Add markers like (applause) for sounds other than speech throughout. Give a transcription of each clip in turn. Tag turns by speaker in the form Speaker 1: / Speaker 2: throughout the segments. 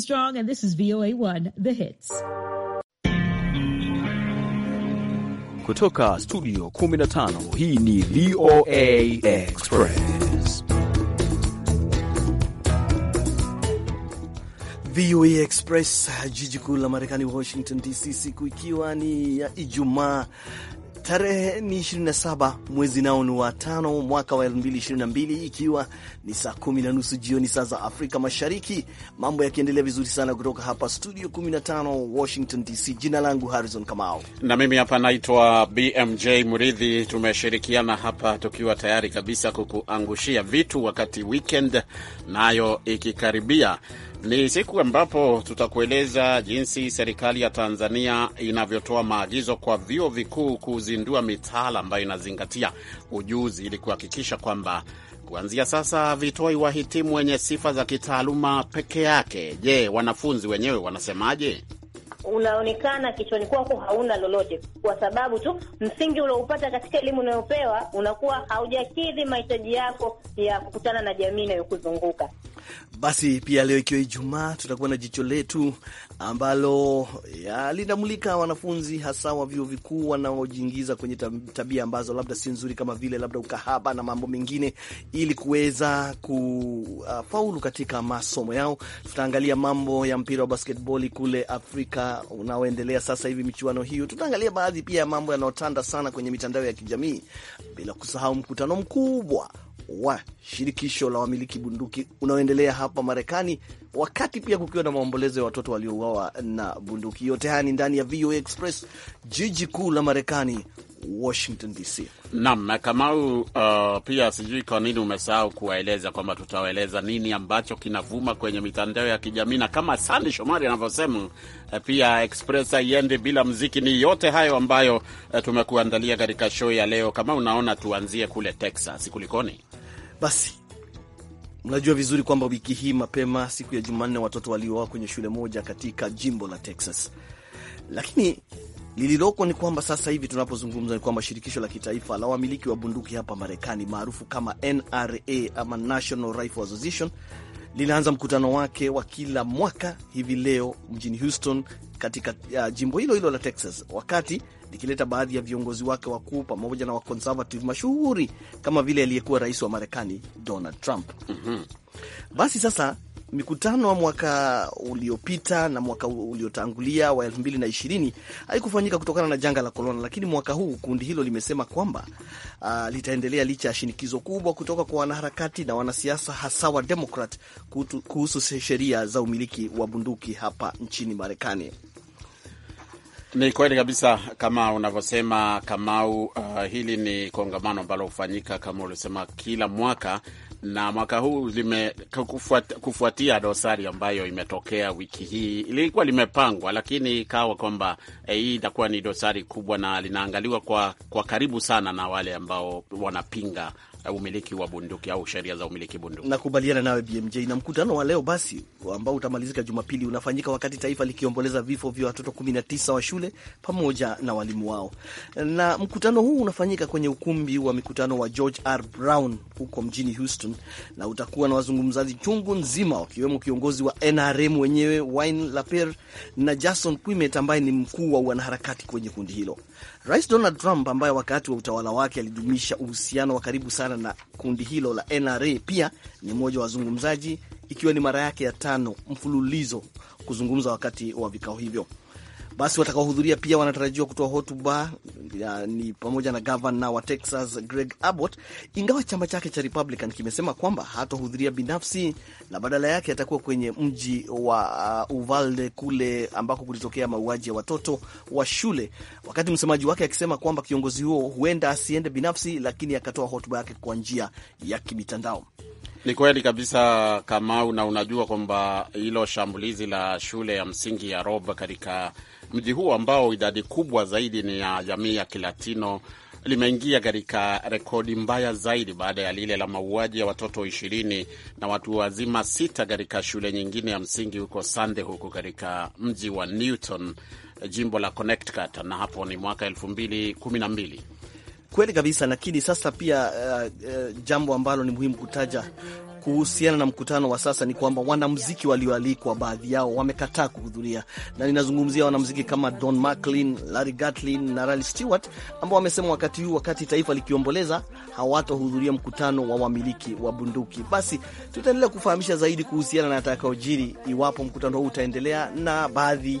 Speaker 1: Strong and this is VOA1 The Hits.
Speaker 2: Kutoka studio 15 hii ni VOA Express. VOA Express, jiji kuu la Marekani Washington DC, siku ikiwa ni ya Ijumaa Tarehe ni 27 mwezi nao ni wa tano mwaka wa 2022 ikiwa ni saa kumi na nusu jioni saa za Afrika Mashariki, mambo yakiendelea vizuri sana kutoka hapa studio 15 Washington DC. Jina langu Harrison Kamau
Speaker 3: na mimi hapa naitwa BMJ Muridhi. Tumeshirikiana hapa tukiwa tayari kabisa kukuangushia vitu wakati weekend nayo ikikaribia. Ni siku ambapo tutakueleza jinsi serikali ya Tanzania inavyotoa maagizo kwa vyuo vikuu kuzindua mitaala ambayo inazingatia ujuzi ili kuhakikisha kwamba kuanzia sasa vitoi wahitimu wenye sifa za kitaaluma peke yake. Je, wanafunzi wenyewe wanasemaje?
Speaker 4: Unaonekana kichwani kwako hauna lolote, kwa sababu tu msingi ulioupata katika elimu unayopewa unakuwa haujakidhi mahitaji yako ya kukutana na jamii inayokuzunguka.
Speaker 2: Basi pia leo ikiwa Ijumaa, tutakuwa na jicho letu ambalo linamulika wanafunzi hasa wa vyuo vikuu wanaojiingiza kwenye tabia ambazo labda si nzuri, kama vile labda ukahaba na mambo mengine, ili kuweza kufaulu katika masomo yao. Tutaangalia mambo ya mpira wa basketboli kule Afrika unaoendelea sasa hivi, michuano hiyo. Tutaangalia baadhi pia ya mambo yanayotanda sana kwenye mitandao ya kijamii, bila kusahau mkutano mkubwa wa shirikisho la wamiliki bunduki unaoendelea hapa Marekani, wakati pia kukiwa na maombolezo ya watoto waliouawa na bunduki. Yote haya ni ndani ya VOA Express, jiji kuu la Marekani, Washington DC.
Speaker 3: Naam, Kamau. Uh, pia sijui kwa nini umesahau kuwaeleza kwamba tutawaeleza nini ambacho kinavuma kwenye mitandao ya kijamii, na kama Sandi Shomari anavyosema eh, pia Express haiendi bila mziki. Ni yote hayo ambayo eh, tumekuandalia katika show ya leo. Kama unaona, tuanzie kule Texas, kulikoni?
Speaker 2: Basi mnajua vizuri kwamba wiki hii mapema, siku ya Jumanne, watoto waliuawa kwenye shule moja katika jimbo la Texas, lakini lililoko ni kwamba sasa hivi tunapozungumza ni kwamba shirikisho la kitaifa la wamiliki wa bunduki hapa Marekani maarufu kama NRA ama National Rifle Association linaanza mkutano wake wa kila mwaka hivi leo mjini Houston katika uh, jimbo hilo hilo la Texas, wakati likileta baadhi ya viongozi wake wakuu pamoja na wakonservative mashuhuri kama vile aliyekuwa rais wa Marekani Donald Trump. mm -hmm. Basi sasa mikutano wa mwaka uliopita na mwaka uliotangulia wa ishirini haikufanyika kutokana na janga la korona, lakini mwaka huu kundi hilo limesema kwamba uh, litaendelea licha ya shinikizo kubwa kutoka kwa wanaharakati na wanasiasa hasa wa Demokrat kuhusu sheria za umiliki wa
Speaker 3: bunduki hapa nchini Marekani. Ni kweli kabisa kama unavyosema Kamau. Uh, hili ni kongamano ambalo hufanyika kama ulisema kila mwaka, na mwaka huu lime kufuatia dosari ambayo imetokea wiki hii. Lilikuwa limepangwa lakini ikawa kwamba eh, hii itakuwa ni dosari kubwa na linaangaliwa kwa, kwa karibu sana na wale ambao wanapinga umiliki wa bunduki au sheria za umiliki bunduki.
Speaker 2: Nakubaliana nawe BMJ, na mkutano wa leo basi ambao utamalizika Jumapili unafanyika wakati taifa likiomboleza vifo vya watoto 19 wa shule pamoja na walimu wao, na mkutano huu unafanyika kwenye ukumbi wa mikutano wa George R. Brown huko mjini Houston, na utakuwa na wazungumzaji chungu nzima wakiwemo kiongozi wa NRM wenyewe Wayne Lapierre na Jason Quimet ambaye ni mkuu wa wanaharakati kwenye kundi hilo. Rais Donald Trump ambaye wakati wa utawala wake alidumisha uhusiano wa karibu sana na kundi hilo la NRA pia ni mmoja wa wazungumzaji, ikiwa ni mara yake ya tano mfululizo kuzungumza wakati wa vikao hivyo. Basi watakaohudhuria pia wanatarajiwa kutoa hotuba ni pamoja na gavana wa Texas Greg Abbott, ingawa chama chake cha Republican kimesema kwamba hatohudhuria binafsi na badala yake atakuwa kwenye mji wa uh, Uvalde kule ambako kulitokea mauaji ya watoto wa shule, wakati msemaji wake akisema kwamba kiongozi huo huenda asiende binafsi, lakini akatoa hotuba yake kwa njia ya
Speaker 3: kimitandao. Ni kweli kabisa Kamau, na unajua kwamba hilo shambulizi la shule ya msingi ya Rob katika mji huo ambao idadi kubwa zaidi ni ya jamii ya Kilatino limeingia katika rekodi mbaya zaidi baada ya lile la mauaji ya watoto ishirini na watu wazima sita katika shule nyingine ya msingi huko Sande huku katika mji wa Newton, jimbo la Connecticut, na hapo ni mwaka elfu mbili kumi na mbili.
Speaker 2: Kweli kabisa, lakini sasa pia uh, uh, jambo ambalo ni muhimu kutaja kuhusiana na mkutano wa sasa ni kwamba wanamziki walioalikwa baadhi yao wamekataa kuhudhuria, na ninazungumzia wanamziki kama Don McLean, Larry Gatlin na Rally Stewart ambao wamesema wakati huu, wakati taifa likiomboleza, hawatohudhuria mkutano wa wamiliki wa bunduki. Basi tutaendelea kufahamisha zaidi kuhusiana na atakayojiri iwapo mkutano huu utaendelea na baadhi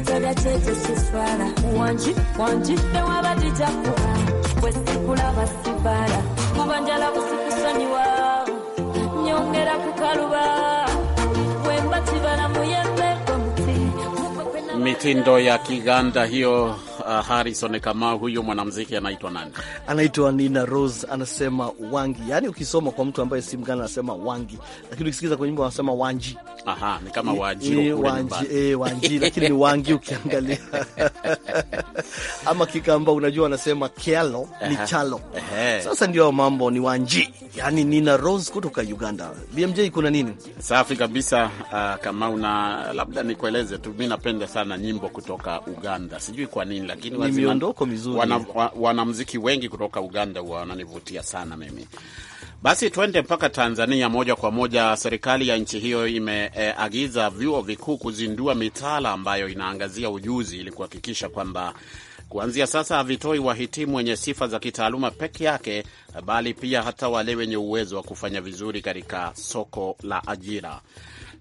Speaker 5: ekitobya kyekyo kiswala wangi wangi tewabagijako sibala kuba njala nyongera kukaluba bwemba kibala muyembe
Speaker 3: mitindo ya Kiganda hiyo uh, Harrison Kamau, huyu mwanamuziki anaitwa nani?
Speaker 2: Anaitwa Nina Rose, anasema wangi. Yani ukisoma kwa mtu ambaye si mgana anasema wangi, lakini ukisikiza kwenye nyimbo anasema wanji.
Speaker 3: Aha, ni kama wanji e, wanji, e, wanji lakini
Speaker 2: ni wangi ukiangalia (laughs) ama Kikamba unajua anasema kelo ni chalo. Sasa ndio mambo ni wanji, yani Nina Rose kutoka Uganda. BMJ, kuna nini?
Speaker 3: Safi kabisa uh, Kamau, na labda nikueleze tu, mi napenda sana nyimbo kutoka Uganda, sijui kwa nini lakini ni miondoko mizuri. Wanamuziki wana wengi kutoka Uganda wananivutia sana mimi. Basi twende mpaka Tanzania moja kwa moja. Serikali ya nchi hiyo imeagiza e, vyuo vikuu kuzindua mitaala ambayo inaangazia ujuzi ili kuhakikisha kwamba kuanzia sasa havitoi wahitimu wenye sifa za kitaaluma peke yake, bali pia hata wale wenye uwezo wa kufanya vizuri katika soko la ajira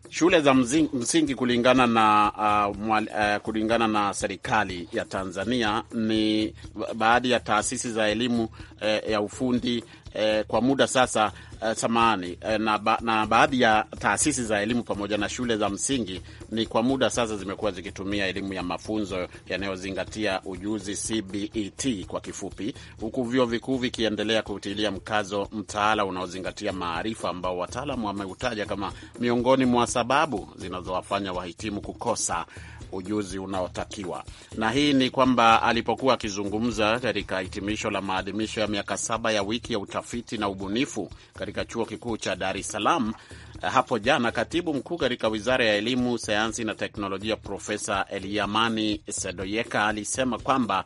Speaker 3: shule za msingi kulingana na uh, mwal, uh, kulingana na serikali ya Tanzania ni baadhi ya taasisi za elimu uh, ya ufundi eh, kwa muda sasa eh, samani eh, na, ba, na baadhi ya taasisi za elimu pamoja na shule za msingi ni kwa muda sasa zimekuwa zikitumia elimu ya mafunzo yanayozingatia ujuzi CBET kwa kifupi, huku vyuo vikuu vikiendelea kutilia mkazo mtaala unaozingatia maarifa ambao wataalamu wameutaja kama miongoni mwa sababu zinazowafanya wahitimu kukosa ujuzi unaotakiwa. Na hii ni kwamba alipokuwa akizungumza katika hitimisho la maadhimisho ya miaka saba ya wiki ya utafiti na ubunifu katika chuo kikuu cha Dar es Salaam hapo jana, katibu mkuu katika wizara ya elimu, sayansi na teknolojia, Profesa Eliamani Sedoyeka alisema kwamba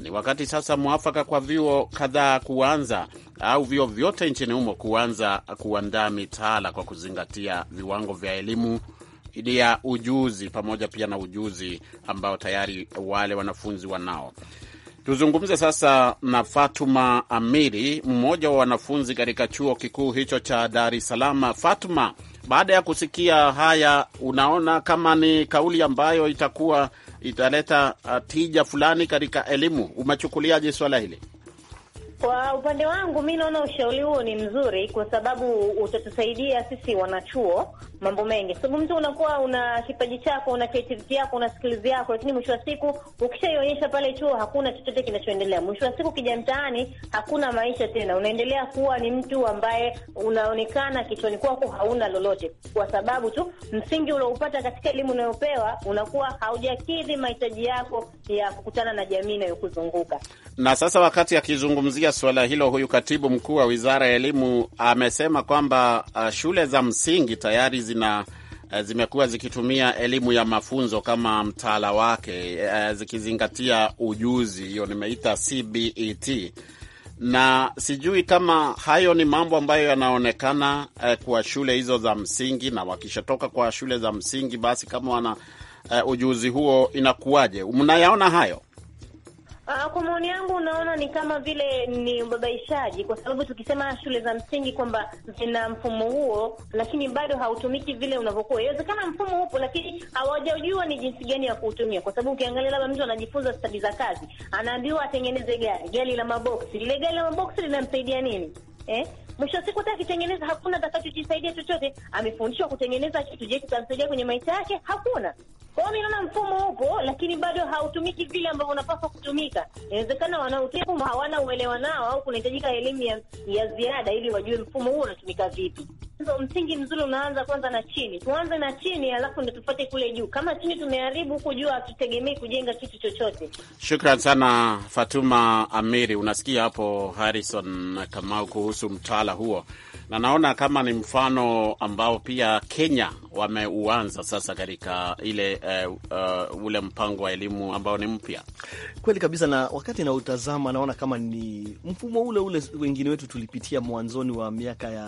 Speaker 3: ni wakati sasa mwafaka kwa vyuo kadhaa kuanza au vyuo vyote nchini humo kuanza kuandaa mitaala kwa kuzingatia viwango vya elimu ili ya ujuzi pamoja pia na ujuzi ambao tayari wale wanafunzi wanao. Tuzungumze sasa na Fatuma Amiri, mmoja wa wanafunzi katika chuo kikuu hicho cha Dar es Salaam. Fatuma, baada ya kusikia haya, unaona kama ni kauli ambayo itakuwa italeta uh, tija fulani katika elimu? Umechukuliaje swala hili?
Speaker 4: Kwa upande wangu mi naona ushauri huo ni mzuri, kwa sababu utatusaidia sisi wanachuo mambo mengi, sababu mtu unakuwa una kipaji chako, una creativity yako, una skills yako, lakini mwisho wa siku ukishaionyesha pale chuo, hakuna chochote kinachoendelea. Mwisho wa siku kija mtaani, hakuna maisha tena, unaendelea kuwa ni mtu ambaye unaonekana kichwani kwako hauna lolote, kwa sababu tu msingi ulioupata katika elimu unayopewa unakuwa haujakidhi mahitaji yako ya kukutana na jamii inayokuzunguka.
Speaker 3: Na sasa wakati akizungumzia kuzungumzia suala hilo, huyu katibu mkuu wa wizara ya elimu amesema kwamba uh, shule za msingi tayari zina uh, zimekuwa zikitumia elimu ya mafunzo kama mtaala wake, uh, zikizingatia ujuzi, hiyo nimeita CBET, na sijui kama hayo ni mambo ambayo yanaonekana kwa shule hizo za msingi, na wakishatoka kwa shule za msingi, basi kama wana ujuzi huo inakuwaje? Mnayaona hayo?
Speaker 4: Ah, ah, kwa maoni yangu, unaona ni kama vile ni ubabaishaji, kwa sababu tukisema shule za msingi kwamba zina mfumo huo, lakini bado hautumiki vile unavyokuwa. Inawezekana mfumo upo, lakini hawajajua ni jinsi gani ya kuutumia, kwa sababu ukiangalia, labda mtu anajifunza stadi za kazi, anaambiwa atengeneze gari, gari la maboksi. Lile gari la maboksi linamsaidia nini? Eh, mwisho wa siku hata akitengeneza hakuna atakachojisaidia chochote. Amefundishwa kutengeneza kitu, je, kitamsaidia kwenye maisha yake? Hakuna. Kwa hiyo naona mfumo upo, lakini bado hautumiki vile ambavyo unapaswa kutumika. Inawezekana wanaotumia hawana uelewa nao, au kunahitajika elimu ya, ya ziada ili wajue mfumo huo unatumika vipi. So, msingi mzuri unaanza kwanza na chini. Tuanze na chini alafu ndio tufate kule juu. Kama chini tumeharibu, huku juu hatutegemei kujenga kitu chochote.
Speaker 3: Shukran sana Fatuma Amiri. Unasikia hapo Harrison Kamau kuhusu mtaala huo na naona kama ni mfano ambao pia Kenya wameuanza sasa katika ile uh, uh, ule mpango wa elimu ambao ni mpya
Speaker 2: kweli kabisa, na wakati nautazama naona kama ni mfumo ule ule wengine wetu tulipitia mwanzoni wa miaka ya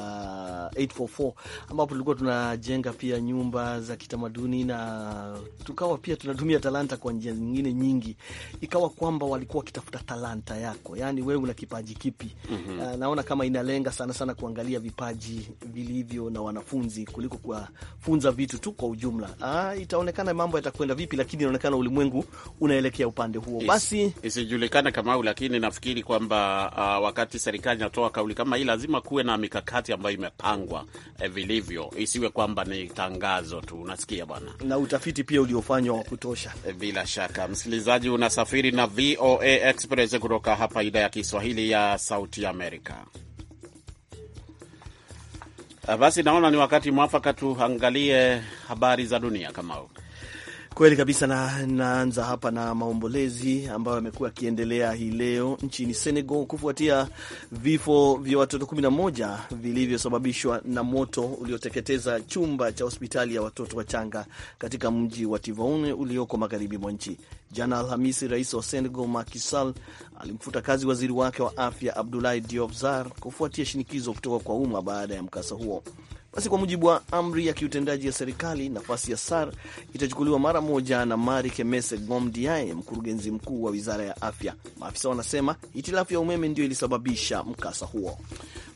Speaker 2: 844 ambapo tulikuwa tunajenga pia nyumba za kitamaduni na tukawa pia tunatumia talanta kwa njia nyingine nyingi, ikawa kwamba walikuwa wakitafuta talanta yako, yani wewe una kipaji kipi? mm -hmm. Uh, naona kama inalenga sana sana kuangalia vipaji vilivyo na wanafunzi kuliko kuwafunza vitu tu kwa ujumla. Ah, itaonekana mambo yatakwenda vipi, lakini inaonekana ulimwengu unaelekea upande huo. Basi
Speaker 3: isijulikane Kamau, lakini nafikiri kwamba uh, wakati serikali inatoa kauli kama hii lazima kuwe na mikakati ambayo imepangwa eh, vilivyo, isiwe kwamba ni tangazo tu. Unasikia bwana,
Speaker 2: na utafiti pia uliofanywa wa kutosha.
Speaker 3: Eh, bila shaka, msikilizaji, unasafiri na VOA Express kutoka hapa idhaa ya Kiswahili ya Sauti Amerika. Basi naona ni wakati mwafaka tuangalie habari za dunia kama huu
Speaker 2: Kweli kabisa, na naanza hapa na maombolezi ambayo yamekuwa yakiendelea hii leo nchini Senegal kufuatia vifo vya watoto 11 vilivyosababishwa na moto ulioteketeza chumba cha hospitali ya watoto wachanga katika mji wa Tivaoune ulioko magharibi mwa nchi. Jana Alhamisi, rais wa Senegal Macky Sall alimfuta kazi waziri wake wa afya Abdoulaye Diop Sarr kufuatia shinikizo kutoka kwa umma baada ya mkasa huo. Basi kwa mujibu wa amri ya kiutendaji ya serikali, nafasi ya SAR itachukuliwa mara moja na Mari Kemese Gomdiae, mkurugenzi mkuu wa wizara ya afya. Maafisa wanasema hitilafu ya umeme ndio ilisababisha mkasa huo.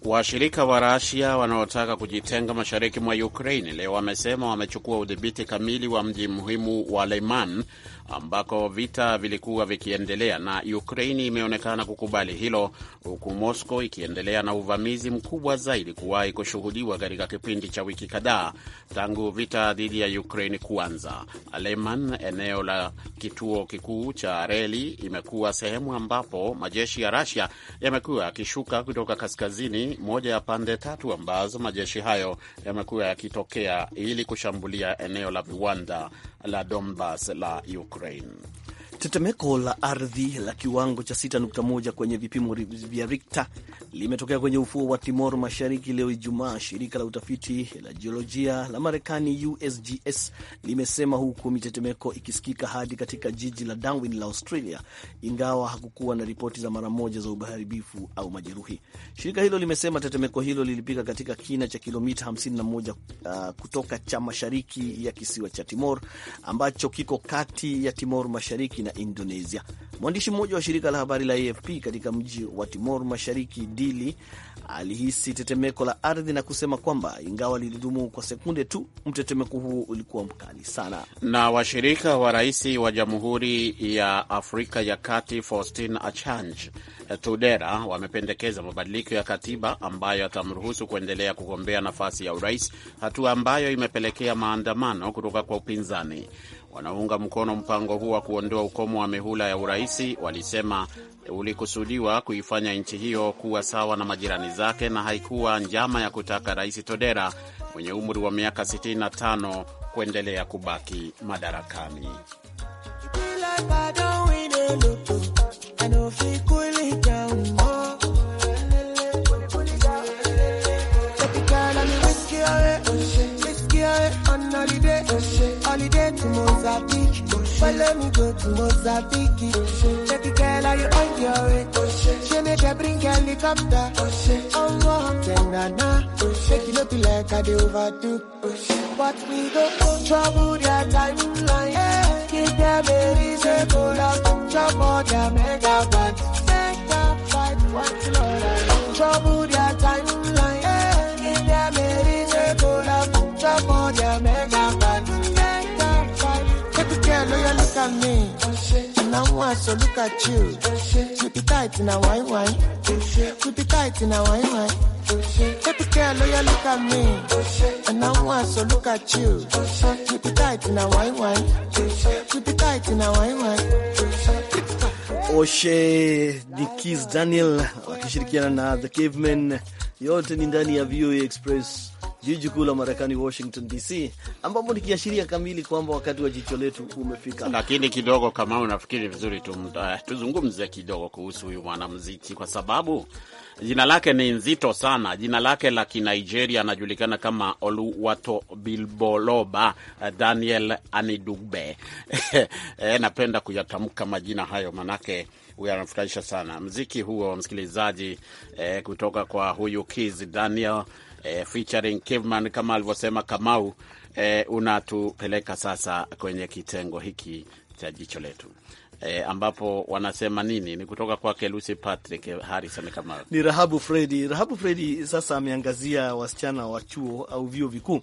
Speaker 3: Washirika wa Rasia wanaotaka kujitenga mashariki mwa ukrain leo wamesema wamechukua udhibiti kamili wa mji muhimu wa Leman ambako vita vilikuwa vikiendelea, na Ukraini imeonekana kukubali hilo, huku Moscow ikiendelea na uvamizi mkubwa zaidi kuwahi kushuhudiwa katika kipindi cha wiki kadhaa tangu vita dhidi ya Ukraini kuanza. Aleman, eneo la kituo kikuu cha reli, imekuwa sehemu ambapo majeshi ya rasia yamekuwa yakishuka kutoka kaskazini, moja ya pande tatu ambazo majeshi hayo yamekuwa yakitokea ili kushambulia eneo la viwanda la Donbas la Ukraine.
Speaker 2: Tetemeko la ardhi la kiwango cha 6.1 kwenye vipimo vya Rikta limetokea kwenye ufuo wa Timor Mashariki leo Ijumaa, shirika la utafiti la jiolojia la Marekani USGS limesema, huku mitetemeko ikisikika hadi katika jiji la Darwin la Australia, ingawa hakukuwa na ripoti za mara moja za uharibifu au majeruhi. Shirika hilo limesema tetemeko hilo lilipiga katika kina cha kilomita 51 uh, kutoka cha mashariki ya kisiwa cha Timor ambacho kiko kati ya Timor Mashariki na Indonesia. Mwandishi mmoja wa shirika la habari la AFP katika mji wa Timor Mashariki, Dili alihisi tetemeko la ardhi na kusema kwamba ingawa lilidumu kwa sekunde tu, mtetemeko huo ulikuwa mkali sana.
Speaker 3: Na washirika wa rais wa Jamhuri ya Afrika ya Kati Faustin achang Tudera wamependekeza mabadiliko ya katiba ambayo atamruhusu kuendelea kugombea nafasi ya urais, hatua ambayo imepelekea maandamano kutoka kwa upinzani. Wanaunga mkono mpango huu wa kuondoa ukomo wa mihula ya uraisi walisema ulikusudiwa kuifanya nchi hiyo kuwa sawa na majirani zake na haikuwa njama ya kutaka Rais Todera mwenye umri wa miaka 65 kuendelea kubaki madarakani.
Speaker 6: Style are you on your way? She make a bring helicopter. Oh no, ten nana. make you look like I do overdo. But we go trouble their timeline. Give them a reason to love. Jump on their mega band. Mega fight, one Trouble their timeline. Now one, so look at you. Keep it tight in a wine wine. Keep it tight in a wine wine. Every girl, oh yeah, look at me. And now one, so look at you. Keep it tight in a wine wine. Keep it tight in a wine wine.
Speaker 2: Oshe the Kiss Daniel wakishirikiana na The Cavemen, yote ni ndani ya VOA Express jiji kuu la Marekani, Washington DC, ambapo ni kiashiria kamili kwamba wakati wa jicho letu umefika.
Speaker 3: Lakini kidogo, kama unafikiri vizuri tu, tuzungumze kidogo kuhusu huyu mwanamuziki kwa sababu jina lake ni nzito sana. Jina lake la Kinigeria anajulikana kama Oluwato Bilboloba eh, Daniel Anidugbe. (laughs) Eh, napenda kuyatamka majina hayo manake huyo anafurahisha sana. Mziki huo msikilizaji, eh, kutoka kwa huyu Kiz Daniel eh, featuring Kivman kama alivyosema Kamau. eh, unatupeleka sasa kwenye kitengo hiki cha jicho letu. E, ambapo wanasema nini ni kutoka kwake Lucy Patrick eh, Harrison kama
Speaker 2: ni Rahabu Fredi. Rahabu Fredi sasa ameangazia wasichana wa chuo au vyuo vikuu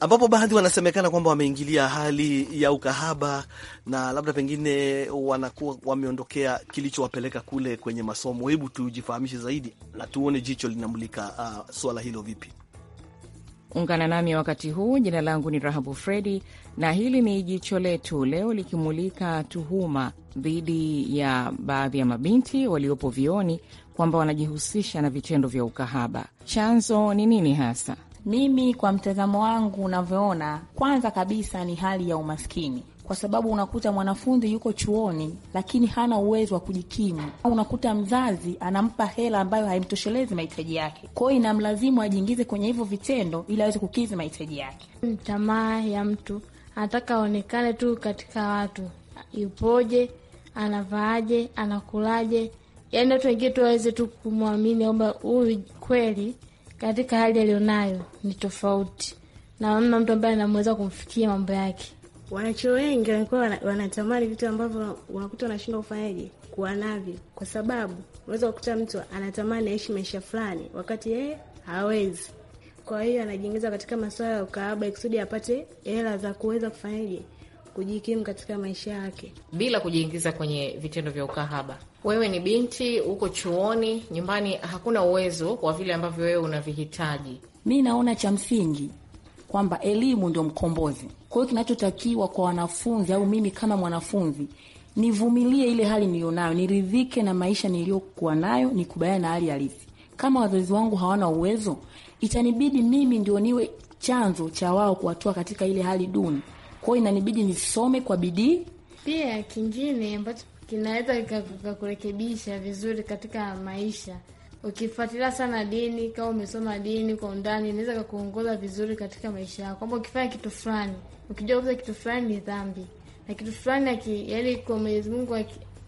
Speaker 2: ambapo baadhi wanasemekana kwamba wameingilia hali ya ukahaba na labda pengine wanakuwa wameondokea kilichowapeleka kule kwenye masomo. Hebu tujifahamishe zaidi na tuone jicho linamulika uh, suala hilo vipi.
Speaker 1: Ungana nami wakati huu. Jina langu ni Rahabu Fredi na hili ni jicho letu leo, likimulika tuhuma dhidi ya baadhi ya mabinti waliopo vioni kwamba wanajihusisha na vitendo vya ukahaba. Chanzo ni nini hasa? Mimi kwa mtazamo wangu unavyoona, kwanza kabisa ni hali ya umaskini kwa sababu unakuta mwanafunzi yuko chuoni lakini hana uwezo wa kujikimu, au unakuta mzazi anampa hela ambayo haimtoshelezi mahitaji yake. Kwa hiyo inamlazimu ajiingize kwenye hivyo vitendo ili aweze kukidhi mahitaji yake. Tamaa ya mtu anataka aonekane tu katika watu, yupoje, anavaaje, anakulaje, yaani watu wengine tu waweze tu kumwamini kwamba huyu kweli katika hali alionayo ni tofauti naona mtu ambaye anamweza kumfikia mambo yake. wanacho wengi wanakuwa wanatamani vitu ambavyo wanakuta wanashindwa kufanyaje kuwa navyo, kwa sababu unaweza kukuta mtu anatamani aishi maisha fulani wakati yeye hawezi. Kwa hiyo anajiingiza katika masuala ya ukaaba ikusudi apate hela za kuweza kufanyaje kujikimu katika maisha yake bila kujiingiza kwenye vitendo vya ukahaba. Wewe ni binti, uko chuoni, nyumbani hakuna uwezo wa vile ambavyo wewe unavihitaji. Mi naona cha msingi kwamba elimu ndio mkombozi. Kwa hiyo kinachotakiwa kwa wanafunzi au mimi kama mwanafunzi nivumilie ile hali nayo niridhike na maisha niliyokuwa nayo, nikubaliane na hali halisi. Kama wazazi wangu hawana uwezo, itanibidi mimi ndio niwe chanzo cha wao kuwatoa katika ile hali duni kwao, inanibidi nisome kwa bidii. Pia kingine ambacho kinaweza kikakurekebisha vizuri katika maisha, ukifuatilia sana dini, kama umesoma dini kwa undani, inaweza kakuongoza vizuri katika maisha yako, kwamba ukifanya kitu fulani, ukijua kuza kitu fulani ni dhambi na kitu fulani yani kwa Mwenyezi Mungu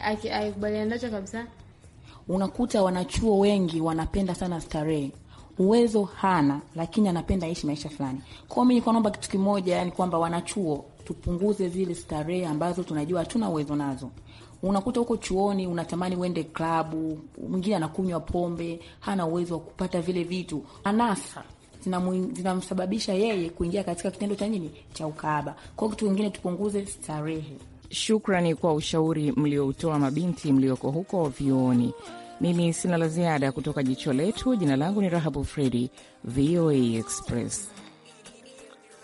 Speaker 1: akikubaliana nacho kabisa. Unakuta wanachuo wengi wanapenda sana starehe uwezo hana, lakini anapenda aishi maisha fulani. Kwao mimi niko naomba kitu kimoja, yani kwamba wanachuo tupunguze zile starehe ambazo tunajua hatuna uwezo nazo. Unakuta huko chuoni unatamani uende klabu, mwingine anakunywa pombe, hana uwezo wa kupata vile vitu, anasa zinamsababisha yeye kuingia katika kitendo cha nini cha ukahaba. Kwao kitu kingine tupunguze starehe. Shukrani kwa ushauri mlioutoa mabinti mlioko huko vyuoni. Mimi sina la ziada kutoka jicho letu. Jina langu ni Rahabu Fredi, VOA Express.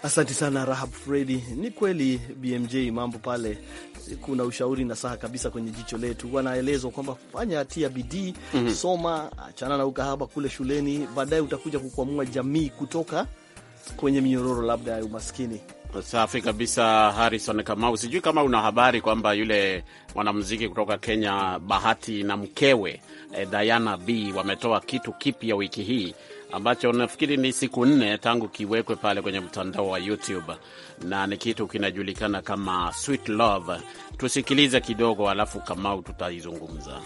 Speaker 2: Asante sana Rahab Fredi. Ni kweli BMJ, mambo pale kuna ushauri na saha kabisa kwenye jicho letu, wanaelezwa kwamba fanya tia bidii mm -hmm. Soma, achana na ukahaba kule shuleni, baadaye utakuja kukwamua jamii kutoka kwenye
Speaker 3: minyororo labda ya umaskini. Safi kabisa, Harrison Kamau. Sijui kama una habari kwamba yule mwanamuziki kutoka Kenya Bahati na mkewe eh, Diana B wametoa kitu kipya wiki hii ambacho nafikiri ni siku nne tangu kiwekwe pale kwenye mtandao wa YouTube na ni kitu kinajulikana kama Sweet Love. Tusikilize kidogo, alafu Kamau tutaizungumza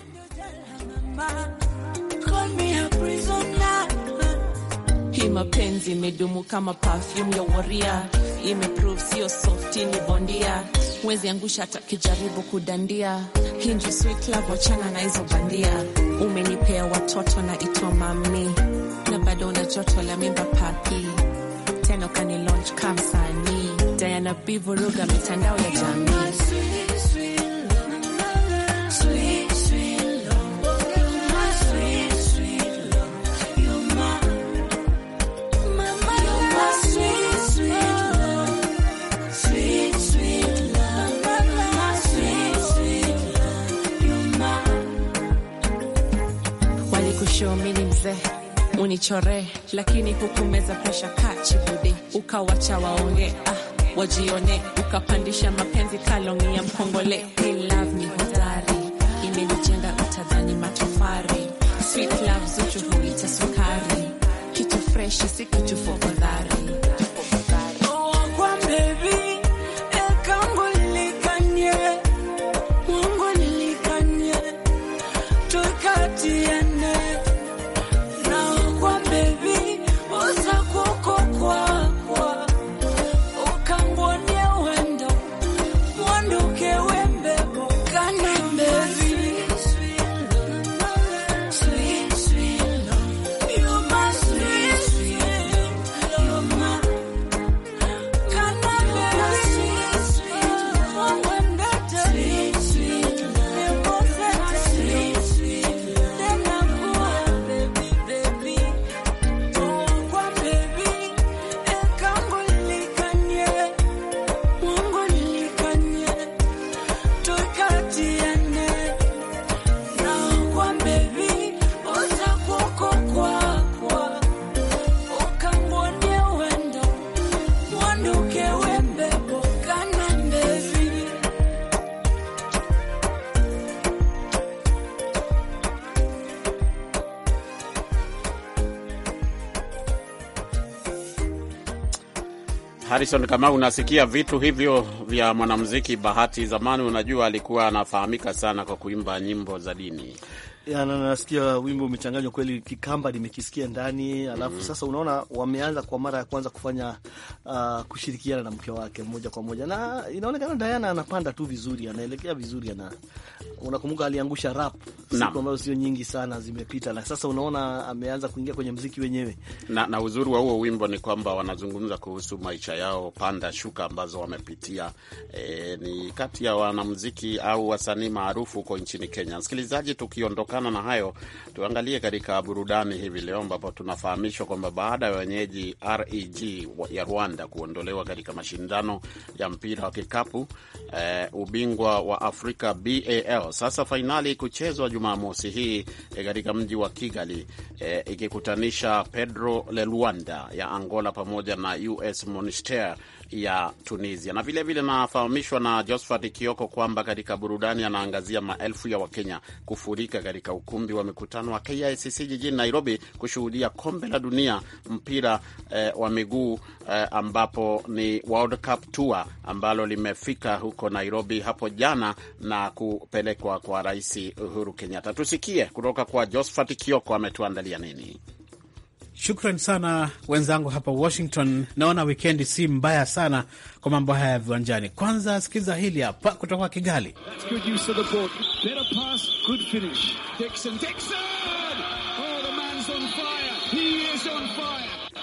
Speaker 1: si mapenzi imedumu kama perfume ya waria, imeprove sio softi, ni bondia, wezi angusha hata kijaribu kudandia. Hinji sweet love, wachana na hizo bandia. Umenipea watoto na itwa mami, na bado una joto la mimba papi, tena ukani launch kama Diana Bivuruga, mitandao ya jamii nichore, lakini hukumeza presha budi ukawacha waonge ah, wajione, ukapandisha mapenzi kalongi ya mkongole. Hey, love ni hodari, imenijenga utadhani matofari, sweet love zuchu huita sukari, kitu freshi si kitu fo
Speaker 3: Harrison, kama unasikia vitu hivyo vya mwanamuziki Bahati, zamani unajua alikuwa anafahamika sana kwa kuimba nyimbo za dini
Speaker 2: nasikia wimbo umechanganywa kweli, Kikamba nimekisikia ndani alafu mm. Sasa unaona wameanza kwa mara ya kwanza kufanya uh, kushirikiana na mke wake moja kwa moja, na inaonekana Diana anapanda tu vizuri, anaelekea vizuri ana, unakumbuka aliangusha rap siku ambazo sio nyingi sana zimepita, na sasa
Speaker 3: unaona ameanza kuingia kwenye mziki wenyewe na, na uzuri wa huo wimbo ni kwamba wanazungumza kuhusu maisha yao panda shuka ambazo wamepitia. E, ni kati ya wanamziki au wasanii maarufu huko nchini Kenya. Msikilizaji, tukiondoka Kutokana na hayo, tuangalie katika burudani hivi leo, ambapo tunafahamishwa kwamba baada ya wenyeji REG ya Rwanda kuondolewa katika mashindano ya mpira wa kikapu eh, ubingwa wa Afrika BAL, sasa fainali kuchezwa Jumamosi hii eh, katika mji wa Kigali eh, ikikutanisha Pedro Leluanda ya Angola pamoja na US Monastir ya Tunisia. Na vilevile nafahamishwa na Josphat Kioko kwamba katika burudani anaangazia maelfu ya Wakenya kufurika katika ukumbi wa mikutano wa KICC jijini Nairobi kushuhudia kombe la dunia mpira eh, wa miguu eh, ambapo ni World Cup Tour ambalo limefika huko Nairobi hapo jana na kupelekwa kwa Rais Uhuru Kenyatta. Tusikie kutoka kwa Josphat Kioko ametuandalia nini.
Speaker 7: Shukran sana wenzangu hapa Washington. Naona wikendi si mbaya sana kwa mambo haya ya viwanjani. Kwanza sikiza hili hapa kutoka Kigali. That's good use of the ball. Better pass, good finish. Dixon, Dixon!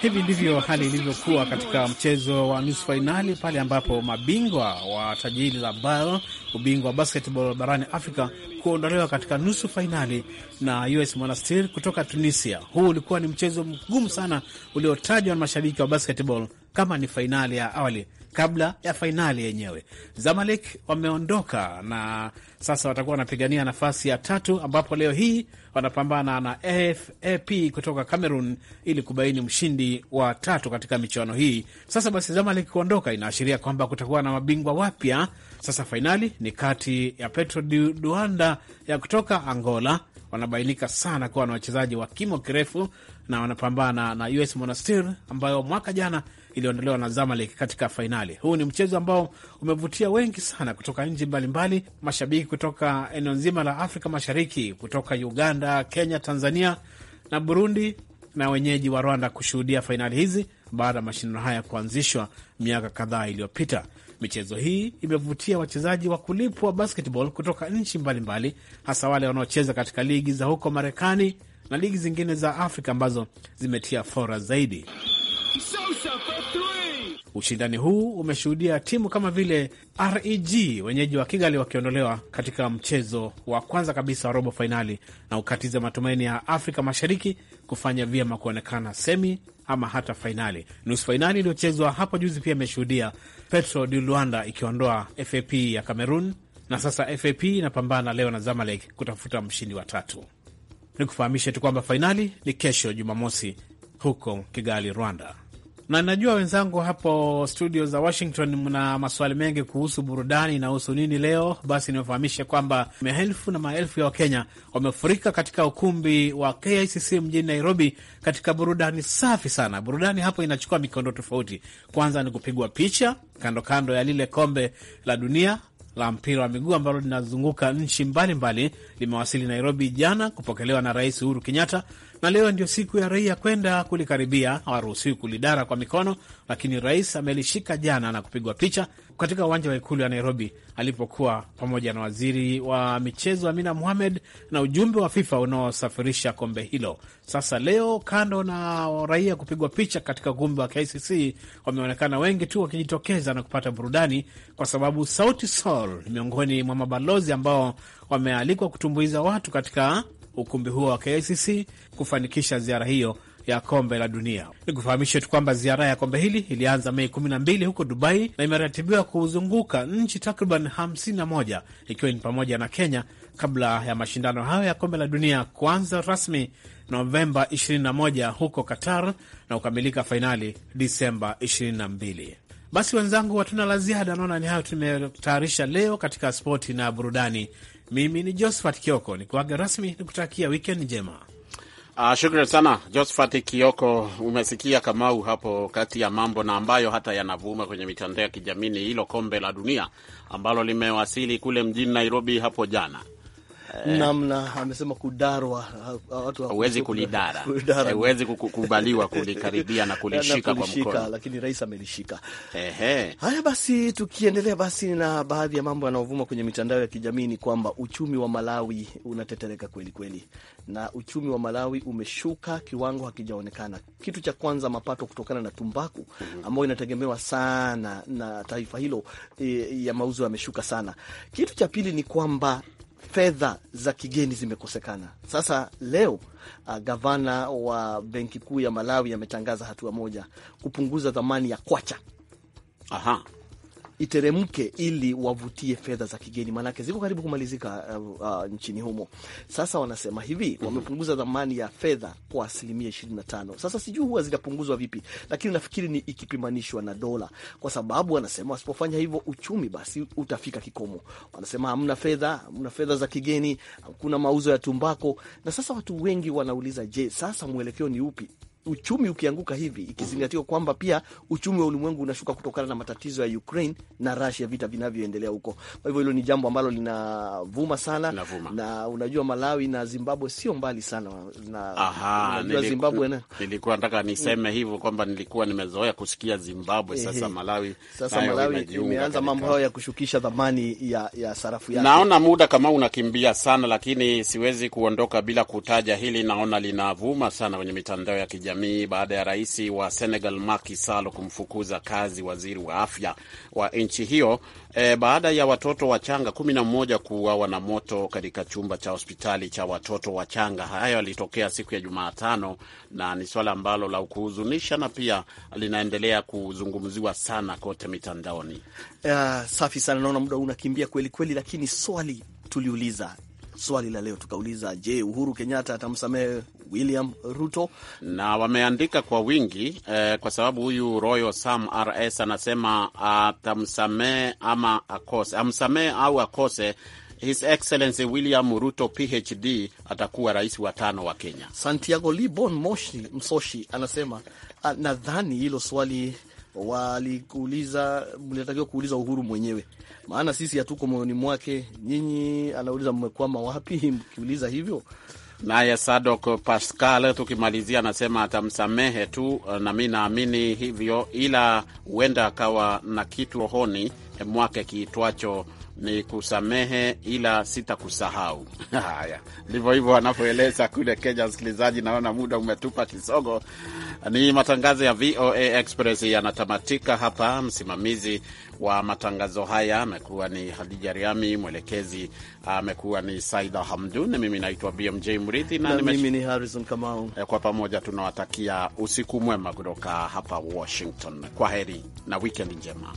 Speaker 7: Hivi ndivyo hali ilivyokuwa katika mchezo wa nusu fainali pale ambapo mabingwa wa tajiri la BAL, ubingwa wa basketball barani Afrika, kuondolewa katika nusu fainali na US Monastir kutoka Tunisia. Huu ulikuwa ni mchezo mgumu sana uliotajwa na mashabiki wa basketball kama ni fainali ya awali kabla ya fainali yenyewe. Zamalek wameondoka na sasa watakuwa wanapigania nafasi ya tatu, ambapo leo hii wanapambana na AFAP kutoka Cameroon ili kubaini mshindi wa tatu katika michuano hii. Sasa basi, Zamalek kuondoka inaashiria kwamba kutakuwa na mabingwa wapya. Sasa fainali ni kati ya Petro duanda Luanda ya kutoka Angola, wanabainika sana kuwa na wachezaji wa kimo kirefu, na wanapambana na US Monastir ambayo mwaka jana iliyoondolewa na Zamalek katika fainali. Huu ni mchezo ambao umevutia wengi sana kutoka nchi mbalimbali, mashabiki kutoka eneo nzima la Afrika Mashariki, kutoka Uganda, Kenya, Tanzania na Burundi na wenyeji wa Rwanda kushuhudia fainali hizi baada ya mashindano haya kuanzishwa miaka kadhaa iliyopita. Michezo hii imevutia wachezaji wa kulipwa basketball kutoka nchi mbalimbali, hasa wale wanaocheza katika ligi za huko Marekani na ligi zingine za Afrika ambazo zimetia fora zaidi. Ushindani huu umeshuhudia timu kama vile REG wenyeji wa Kigali wakiondolewa katika mchezo wa kwanza kabisa wa robo fainali na ukatiza matumaini ya Afrika Mashariki kufanya vyema kuonekana semi ama hata fainali. Nusu fainali iliyochezwa hapo juzi pia imeshuhudia Petro di Luanda ikiondoa FAP ya Cameroon, na sasa FAP inapambana leo na Zamalek kutafuta mshindi wa tatu. Nikufahamishe tu kwamba fainali ni kesho Jumamosi huko Kigali, Rwanda na najua wenzangu hapo studio za Washington mna maswali mengi kuhusu burudani, inahusu nini leo? Basi niwafahamishe kwamba maelfu na maelfu ya Wakenya wamefurika katika ukumbi wa KICC mjini Nairobi katika burudani safi sana. Burudani hapo inachukua mikondo tofauti. Kwanza ni kupigwa picha kando kando ya lile kombe la dunia la mpira wa miguu ambalo linazunguka nchi mbalimbali limewasili Nairobi jana kupokelewa na Rais Uhuru Kenyatta, na leo ndio siku ya raia kwenda kulikaribia. Hawaruhusiwi kulidara kwa mikono, lakini rais amelishika jana na kupigwa picha katika uwanja wa ikulu ya Nairobi alipokuwa pamoja na waziri wa michezo Amina Mohamed na ujumbe wa FIFA unaosafirisha kombe hilo. Sasa leo, kando na raia kupigwa picha katika ukumbi wa kcc wameonekana wengi tu wakijitokeza na kupata burudani, kwa sababu Sauti Sol Hall ni miongoni mwa mabalozi ambao wamealikwa kutumbuiza watu katika ukumbi huo wa kcc kufanikisha ziara hiyo ya kombe la dunia. Ni kufahamishe tu kwamba ziara ya kombe hili ilianza Mei 12 huko Dubai na imeratibiwa kuzunguka nchi takriban 51 ikiwa ni pamoja na Kenya, kabla ya mashindano hayo ya kombe la dunia kuanza rasmi Novemba 21 huko Qatar na kukamilika fainali Disemba 22. Basi wenzangu, hatuna la ziada, naona ni hayo tumetayarisha leo katika spoti na burudani. Mimi ni Josephat Kioko nikuaga rasmi, nikutakia wikend njema.
Speaker 3: Uh, ah, shukran sana Josphat Kioko. Umesikia Kamau hapo, kati ya mambo na ambayo hata yanavuma kwenye mitandao ya kijamii ni hilo kombe la dunia ambalo limewasili kule mjini Nairobi hapo jana. Eh.
Speaker 2: namna amesema kudarwa, uh, uh, watu hawezi kulidara, hawezi (laughs)
Speaker 3: kukubaliwa kulikaribia na (laughs) kulishika kwa mkono,
Speaker 2: lakini rais amelishika. Ehe, haya basi, tukiendelea basi na baadhi ya mambo yanayovuma kwenye mitandao ya kijamii ni kwamba uchumi wa Malawi unatetereka kweli kweli, na uchumi wa Malawi umeshuka kiwango hakijaonekana. Kitu cha kwanza, mapato kutokana na tumbaku mhm. ambayo inategemewa sana na taifa hilo e, ya mauzo yameshuka sana. Kitu cha pili ni kwamba fedha za kigeni zimekosekana. Sasa leo uh, gavana wa benki kuu ya Malawi ametangaza hatua moja kupunguza thamani ya kwacha. Aha iteremke ili wavutie fedha za kigeni, maanake ziko karibu kumalizika uh, uh, nchini humo. Sasa wanasema hivi, mm -hmm. wamepunguza dhamani ya fedha kwa asilimia ishirini na tano. Sasa sijui huwa zinapunguzwa vipi, lakini nafikiri ni ikipimanishwa na dola, kwa sababu wanasema wasipofanya hivyo uchumi basi utafika kikomo. Wanasema hamna fedha, hamna fedha za kigeni, hakuna mauzo ya tumbako. Na sasa watu wengi wanauliza, je, sasa mwelekeo ni upi? uchumi ukianguka hivi, ikizingatiwa kwamba pia uchumi wa ulimwengu unashuka kutokana na matatizo ya Ukraine na Russia, vita vinavyoendelea huko. Kwa hivyo hilo ni jambo ambalo linavuma sana na, na unajua Malawi na Zimbabwe sio mbali sana na, Aha, niliku, Zimbabwe na...
Speaker 3: nilikuwa nataka niseme mm, hivyo kwamba nilikuwa nimezoea kusikia Zimbabwe, sasa Malawi, sasa Malawi imeanza mambo hayo
Speaker 2: ya kushukisha thamani ya, ya sarafu yake. Naona
Speaker 3: muda kama unakimbia sana, lakini siwezi kuondoka bila kutaja hili, naona linavuma sana kwenye mitandao ya kijamii kijamii baada ya rais wa Senegal Macky Sall kumfukuza kazi waziri wa afya wa nchi hiyo e, baada ya watoto wachanga kumi na mmoja kuuawa na moto katika chumba cha hospitali cha watoto wachanga. Hayo yalitokea siku ya Jumatano na ni swala ambalo la kuhuzunisha na pia linaendelea kuzungumziwa sana kote mitandaoni.
Speaker 2: Uh, safi sana. Naona muda unakimbia kweli kweli, lakini swali tuliuliza swali la leo tukauliza, je, Uhuru Kenyatta atamsamehe William Ruto?
Speaker 3: Na wameandika kwa wingi eh, kwa sababu huyu Royal Sam RS anasema atamsamehe ama akose, amsamehe au akose His Excellency William Ruto PhD atakuwa rais wa tano wa Kenya. Santiago
Speaker 2: Libon Moshi Msoshi anasema ah, nadhani hilo swali walikuuliza, mlitakiwa kuuliza Uhuru mwenyewe, maana sisi hatuko moyoni mwake. Nyinyi anauliza mmekwama wapi (laughs) mkiuliza hivyo?
Speaker 3: Naye Sadok Pascal tukimalizia, anasema atamsamehe tu, nami naamini hivyo, ila huenda akawa na kitu rohoni mwake kiitwacho ni kusamehe ila sitakusahau. (laughs) Haya, ndivyo hivyo wanavyoeleza kule Kenya. Msikilizaji, naona muda umetupa kisogo. Ni matangazo ya VOA Express yanatamatika hapa. Msimamizi wa matangazo haya amekuwa ni Hadija Riami, mwelekezi amekuwa ni Saida Hamdun, mimi naitwa BMJ Mrithi na mimi ni Harrison Kamau. Eh, kwa pamoja tunawatakia usiku mwema kutoka hapa Washington. Kwa heri na wikendi njema.